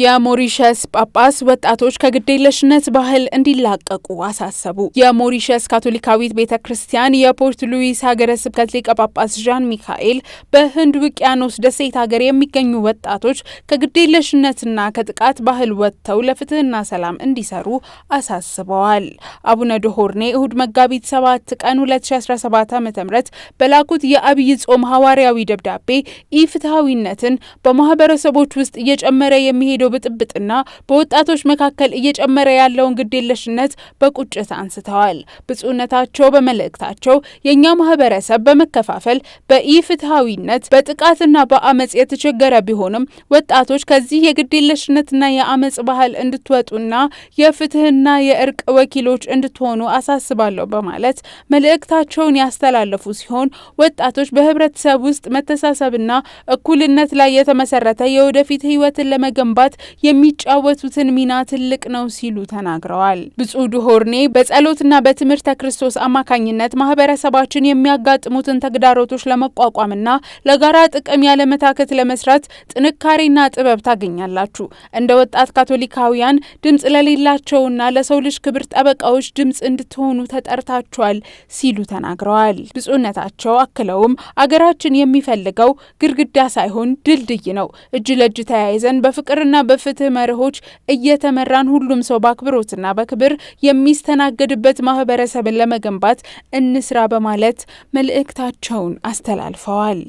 የሞሪሸስ ጳጳስ ወጣቶች ከግዴለሽነት ባህል እንዲላቀቁ አሳሰቡ። የሞሪሸስ ካቶሊካዊት ቤተ ክርስቲያን የፖርት ሉዊስ ሀገረ ስብከት ሊቀ ጳጳስ ዣን ሚካኤል በህንድ ውቅያኖስ ደሴት ሀገር የሚገኙ ወጣቶች ከግዴለሽነትና ከጥቃት ባህል ወጥተው ለፍትህና ሰላም እንዲሰሩ አሳስበዋል። አቡነ ድሆርኔ እሁድ መጋቢት 7 ቀን 2017 ዓ ም በላኩት የአብይ ጾም ሐዋርያዊ ደብዳቤ ኢፍትሐዊነትን በማህበረሰቦች ውስጥ እየጨመረ የሚሄድ በተካሄደው ብጥብጥና በወጣቶች መካከል እየጨመረ ያለውን ግዴለሽነት በቁጭት አንስተዋል። ብፁዕነታቸው በመልእክታቸው የእኛ ማህበረሰብ በመከፋፈል በኢፍትሐዊነት በጥቃትና በአመፅ የተቸገረ ቢሆንም ወጣቶች ከዚህ የግዴለሽነትና የአመፅ ባህል እንድትወጡና የፍትህና የእርቅ ወኪሎች እንድትሆኑ አሳስባለሁ በማለት መልእክታቸውን ያስተላለፉ ሲሆን ወጣቶች በህብረተሰብ ውስጥ መተሳሰብና እኩልነት ላይ የተመሰረተ የወደፊት ህይወትን ለመገንባት ለማሳካት የሚጫወቱትን ሚና ትልቅ ነው ሲሉ ተናግረዋል። ብፁዕ ድሆርኔ በጸሎትና በትምህርተ ክርስቶስ አማካኝነት ማህበረሰባችን የሚያጋጥሙትን ተግዳሮቶች ለመቋቋምና ለጋራ ጥቅም ያለመታከት ለመስራት ጥንካሬና ጥበብ ታገኛላችሁ። እንደ ወጣት ካቶሊካውያን ድምፅ ለሌላቸውና ለሰው ልጅ ክብር ጠበቃዎች ድምፅ እንድትሆኑ ተጠርታችኋል ሲሉ ተናግረዋል። ብፁዕነታቸው አክለውም አገራችን የሚፈልገው ግድግዳ ሳይሆን ድልድይ ነው። እጅ ለእጅ ተያይዘን በፍቅርና በፍትህ መርሆች እየተመራን ሁሉም ሰው በአክብሮትና በክብር የሚስተናገድበት ማህበረሰብን ለመገንባት እንስራ በማለት መልእክታቸውን አስተላልፈዋል።